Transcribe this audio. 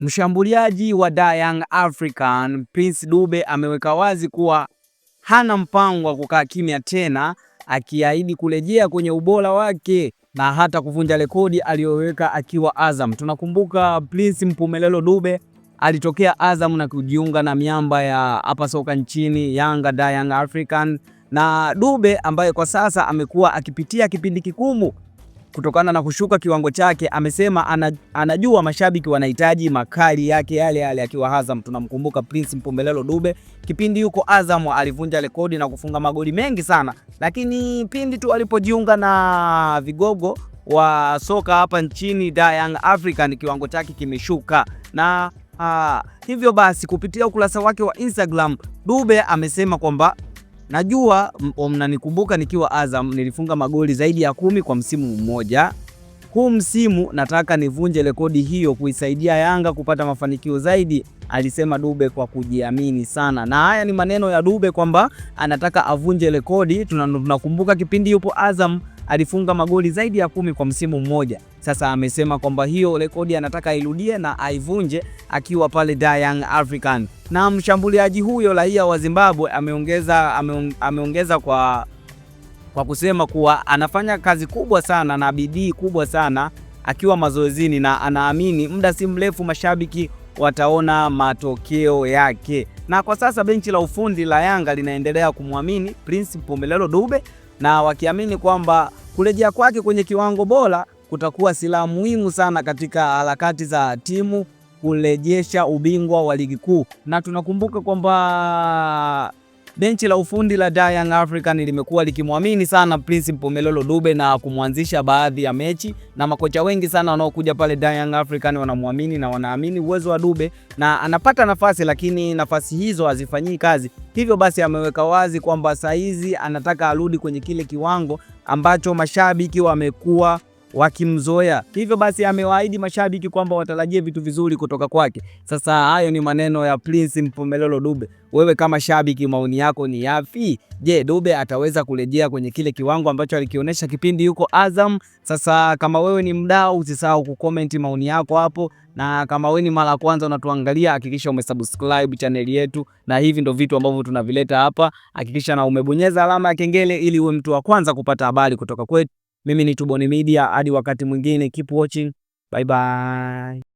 Mshambuliaji wa Da Young African Prince Dube ameweka wazi kuwa hana mpango wa kukaa kimya tena, akiahidi kurejea kwenye ubora wake na hata kuvunja rekodi aliyoweka akiwa Azam. Tunakumbuka Prince Mpumelelo Dube alitokea Azam na kujiunga na miamba ya hapa soka nchini Yanga, Da Young African, na Dube ambaye kwa sasa amekuwa akipitia kipindi kigumu kutokana na kushuka kiwango chake. Amesema anajua mashabiki wanahitaji makali yake yale yale akiwa Azam. Tunamkumbuka Prince mpombelelo Dube kipindi yuko Azam alivunja rekodi na kufunga magoli mengi sana, lakini pindi tu alipojiunga na vigogo wa soka hapa nchini Young African kiwango chake kimeshuka na Uh, hivyo basi kupitia ukurasa wake wa Instagram Dube amesema kwamba Najua mnanikumbuka nikiwa Azam nilifunga magoli zaidi ya kumi kwa msimu mmoja. Huu msimu nataka nivunje rekodi hiyo kuisaidia Yanga kupata mafanikio zaidi, alisema Dube kwa kujiamini sana. Na haya ni maneno ya Dube kwamba anataka avunje rekodi. Tunakumbuka kipindi yupo Azam alifunga magoli zaidi ya kumi kwa msimu mmoja. Sasa amesema kwamba hiyo rekodi anataka airudie na aivunje akiwa pale Da Young African. Na mshambuliaji huyo raia wa Zimbabwe ameongeza, ameongeza kwa, kwa kusema kuwa anafanya kazi kubwa sana na bidii kubwa sana akiwa mazoezini na anaamini muda si mrefu mashabiki wataona matokeo yake. Na kwa sasa benchi la ufundi la Yanga linaendelea kumwamini Prince pomelelo Dube na wakiamini kwamba Kurejea kwake kwenye kiwango bora kutakuwa silaha muhimu sana katika harakati za timu kurejesha ubingwa wa ligi kuu, na tunakumbuka kwamba Benchi la ufundi la Dar Young African limekuwa likimwamini sana Prince Mpomelolo Dube na kumwanzisha baadhi ya mechi, na makocha wengi sana wanaokuja pale Dar Young African wanamwamini na wanaamini uwezo wa Dube na anapata nafasi, lakini nafasi hizo hazifanyii kazi. Hivyo basi ameweka wazi kwamba saizi anataka arudi kwenye kile kiwango ambacho mashabiki wamekuwa wakimzoea. Hivyo basi amewaahidi mashabiki kwamba watarajie vitu vizuri kutoka kwake. Sasa hayo ni maneno ya Prince Mpumelelo Dube. Wewe kama shabiki, maoni yako ni yapi? Je, Dube ataweza kurejea kwenye kile kiwango ambacho alikionyesha kipindi yuko Azam? Sasa kama wewe ni mdau, usisahau kucomment maoni yako hapo, na kama wewe ni mara kwanza unatuangalia, hakikisha umesubscribe channel yetu, na hivi ndo vitu ambavyo tunavileta hapa. Hakikisha na umebonyeza alama ya kengele ili uwe mtu wa kwanza kupata habari kutoka kwetu. Mimi ni Tubone Media, hadi wakati mwingine, keep watching. Bye bye.